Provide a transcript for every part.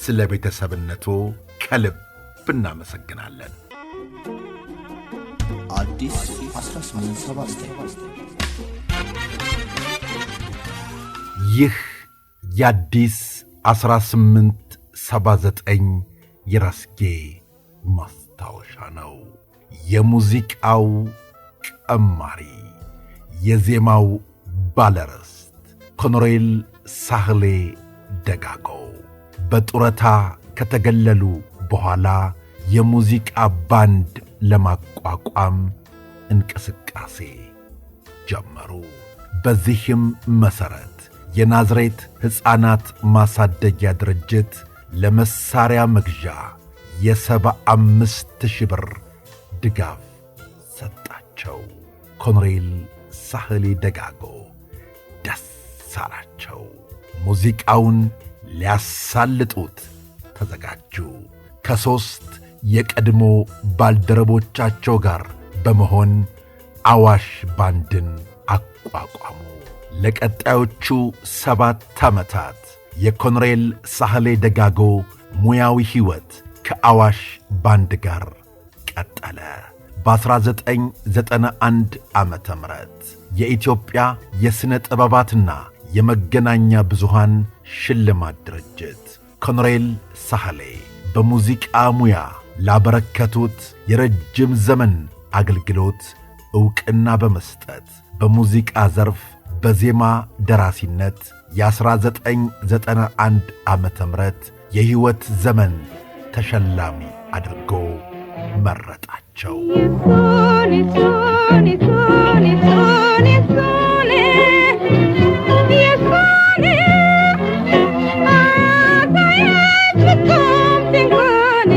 ስለ ቤተሰብነቱ ከልብ እናመሰግናለን። ይህ የአዲስ 1879 የራስጌ ማስታወሻ ነው። የሙዚቃው ቀማሪ፣ የዜማው ባለርስት ኮኖሬል ሳህሌ ደጋጎ በጡረታ ከተገለሉ በኋላ የሙዚቃ ባንድ ለማቋቋም እንቅስቃሴ ጀመሩ። በዚህም መሠረት የናዝሬት ሕፃናት ማሳደጊያ ድርጅት ለመሣሪያ መግዣ የሰባ አምስት ሺህ ብር ድጋፍ ሰጣቸው። ኮንሬል ሳህሌ ደጋጎ ደስ አላቸው። ሙዚቃውን ሊያሳልጡት ተዘጋጁ። ከሦስት የቀድሞ ባልደረቦቻቸው ጋር በመሆን አዋሽ ባንድን አቋቋሙ። ለቀጣዮቹ ሰባት ዓመታት የኮንሬል ሳህሌ ደጋጎ ሙያዊ ሕይወት ከአዋሽ ባንድ ጋር ቀጠለ። በ1991 ዓ ም የኢትዮጵያ የሥነ ጥበባትና የመገናኛ ብዙሃን ሽልማት ድርጅት ኮኖሬል ሳህሌ በሙዚቃ ሙያ ላበረከቱት የረጅም ዘመን አገልግሎት ዕውቅና በመስጠት በሙዚቃ ዘርፍ በዜማ ደራሲነት የ1991 ዓ ም የሕይወት ዘመን ተሸላሚ አድርጎ መረጣቸው።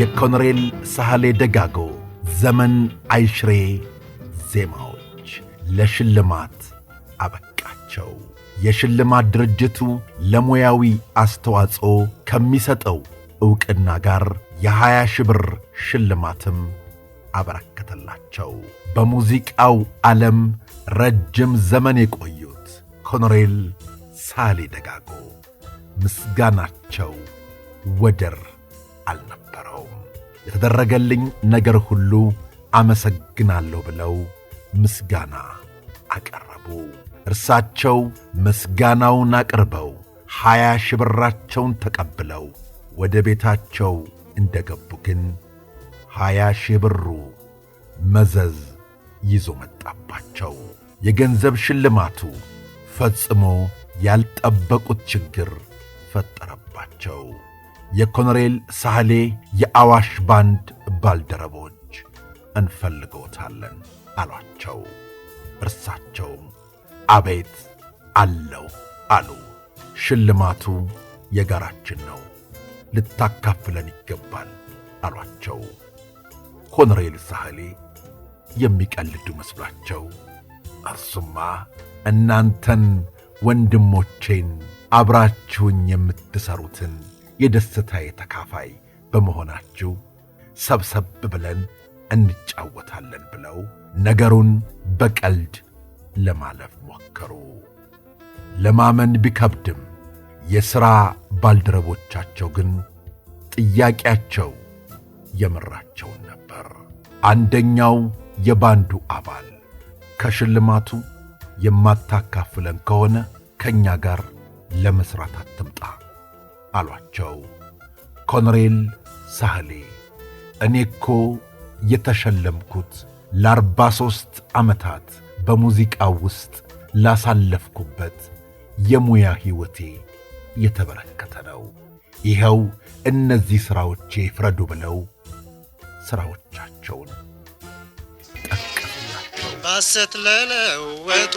የኮኖሬል ሳህሌ ደጋጎ ዘመን አይሽሬ ዜማዎች ለሽልማት አበቃቸው። የሽልማት ድርጅቱ ለሙያዊ አስተዋጽኦ ከሚሰጠው ዕውቅና ጋር የ20 ሺህ ብር ሽልማትም አበረከተላቸው። በሙዚቃው ዓለም ረጅም ዘመን የቆዩት ኮኖሬል ሳህሌ ደጋጎ ምስጋናቸው ወደር አልነበረውም። የተደረገልኝ ነገር ሁሉ አመሰግናለሁ ብለው ምስጋና አቀረቡ። እርሳቸው ምስጋናውን አቅርበው ሀያ ሺህ ብራቸውን ተቀብለው ወደ ቤታቸው እንደ ገቡ ግን ሀያ ሺህ ብሩ መዘዝ ይዞ መጣባቸው። የገንዘብ ሽልማቱ ፈጽሞ ያልጠበቁት ችግር ፈጠረባቸው። የኮሎኔል ሳህሌ የአዋሽ ባንድ ባልደረቦች እንፈልገውታለን። አሏቸው። እርሳቸው አቤት አለው አሉ። ሽልማቱ የጋራችን ነው፣ ልታካፍለን ይገባል አሏቸው። ኮሎኔል ሳህሌ የሚቀልዱ መስሏቸው እርሱማ እናንተን ወንድሞቼን አብራችሁኝ የምትሰሩትን። የደስታዬ ተካፋይ በመሆናችሁ ሰብሰብ ብለን እንጫወታለን ብለው ነገሩን በቀልድ ለማለፍ ሞከሩ። ለማመን ቢከብድም የሥራ ባልደረቦቻቸው ግን ጥያቄያቸው የምራቸውን ነበር። አንደኛው የባንዱ አባል ከሽልማቱ የማታካፍለን ከሆነ ከእኛ ጋር ለመሥራት አትምጣ አሏቸው። ኮሎኔል ሳህሌ እኔ እኮ የተሸለምኩት ለአርባ ሦስት ዓመታት በሙዚቃ ውስጥ ላሳለፍኩበት የሙያ ሕይወቴ የተበረከተ ነው። ይኸው እነዚህ ሥራዎቼ ፍረዱ ብለው ሥራዎቻቸውን ጠቀሱላቸው። ባሰት ለለወጧ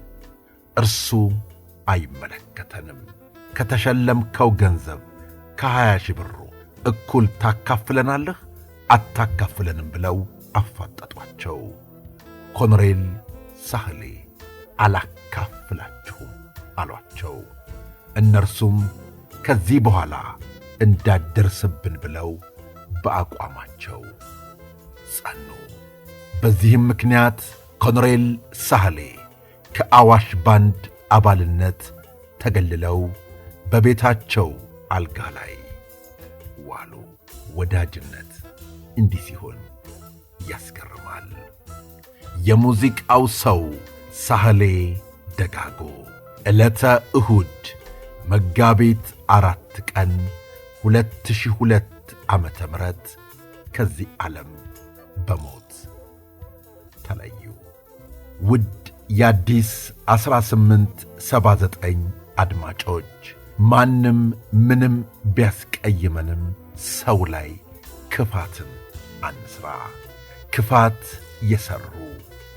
እርሱ አይመለከተንም። ከተሸለምከው ገንዘብ ከሀያ ሺህ ብሩ እኩል ታካፍለናለህ አታካፍለንም ብለው አፋጠጧቸው። ኮኖሬል ሳህሌ አላካፍላችሁም አሏቸው። እነርሱም ከዚህ በኋላ እንዳደርስብን ብለው በአቋማቸው ጸኑ። በዚህም ምክንያት ኮኖሬል ሳህሌ ከአዋሽ ባንድ አባልነት ተገልለው በቤታቸው አልጋ ላይ ዋሉ። ወዳጅነት እንዲህ ሲሆን ያስገርማል። የሙዚቃው ሰው ሳህሌ ደጋጎ ዕለተ እሁድ መጋቢት አራት ቀን 2002 ዓመተ ምህረት ከዚህ ዓለም በሞት ተለዩ። ውድ የአዲስ 1879 አድማጮች ማንም ምንም ቢያስቀይመንም ሰው ላይ ክፋትን አንስራ። ክፋት የሠሩ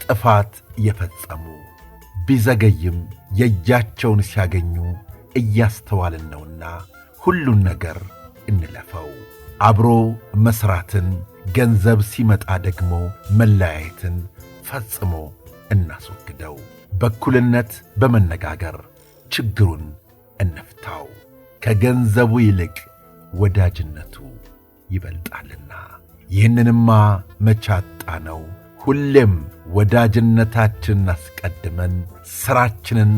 ጥፋት የፈጸሙ ቢዘገይም የእጃቸውን ሲያገኙ እያስተዋልን ነውና ሁሉን ነገር እንለፈው። አብሮ መሥራትን ገንዘብ ሲመጣ ደግሞ መለያየትን ፈጽሞ እናስወግደው። በእኩልነት በመነጋገር ችግሩን እንፍታው። ከገንዘቡ ይልቅ ወዳጅነቱ ይበልጣልና። ይህንንማ መቻጣ ነው። ሁሌም ወዳጅነታችንን አስቀድመን ሥራችንን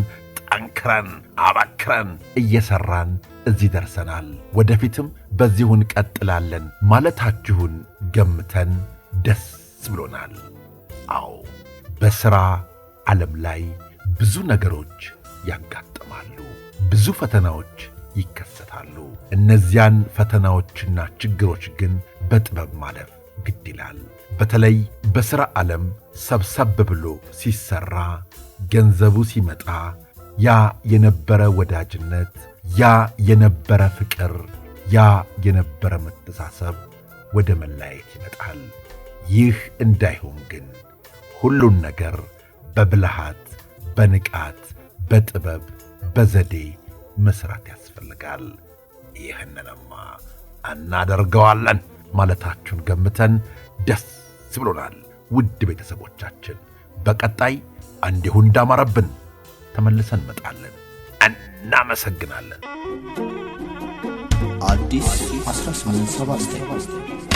ጠንክረን አበክረን እየሠራን እዚህ ደርሰናል፣ ወደፊትም በዚሁ እንቀጥላለን ማለታችሁን ገምተን ደስ ብሎናል። አዎ በሥራ ዓለም ላይ ብዙ ነገሮች ያጋጥማሉ። ብዙ ፈተናዎች ይከሰታሉ። እነዚያን ፈተናዎችና ችግሮች ግን በጥበብ ማለፍ ግድ ይላል። በተለይ በሥራ ዓለም ሰብሰብ ብሎ ሲሠራ፣ ገንዘቡ ሲመጣ፣ ያ የነበረ ወዳጅነት፣ ያ የነበረ ፍቅር፣ ያ የነበረ መተሳሰብ ወደ መለያየት ይመጣል። ይህ እንዳይሆን ግን ሁሉን ነገር በብልሃት፣ በንቃት፣ በጥበብ፣ በዘዴ መስራት ያስፈልጋል። ይህንንማ እናደርገዋለን ማለታችሁን ገምተን ደስ ብሎናል። ውድ ቤተሰቦቻችን በቀጣይ እንዲሁ እንዳማረብን ተመልሰን እንመጣለን። እናመሰግናለን። አዲስ 1879